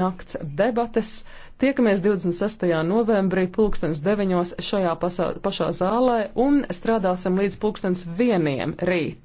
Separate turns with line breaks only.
nakts debates. Tiekamies 26. novembrī pulkstens 9. šajā pasā, pašā zālē un strādāsim līdz pulkstens 1. rīt.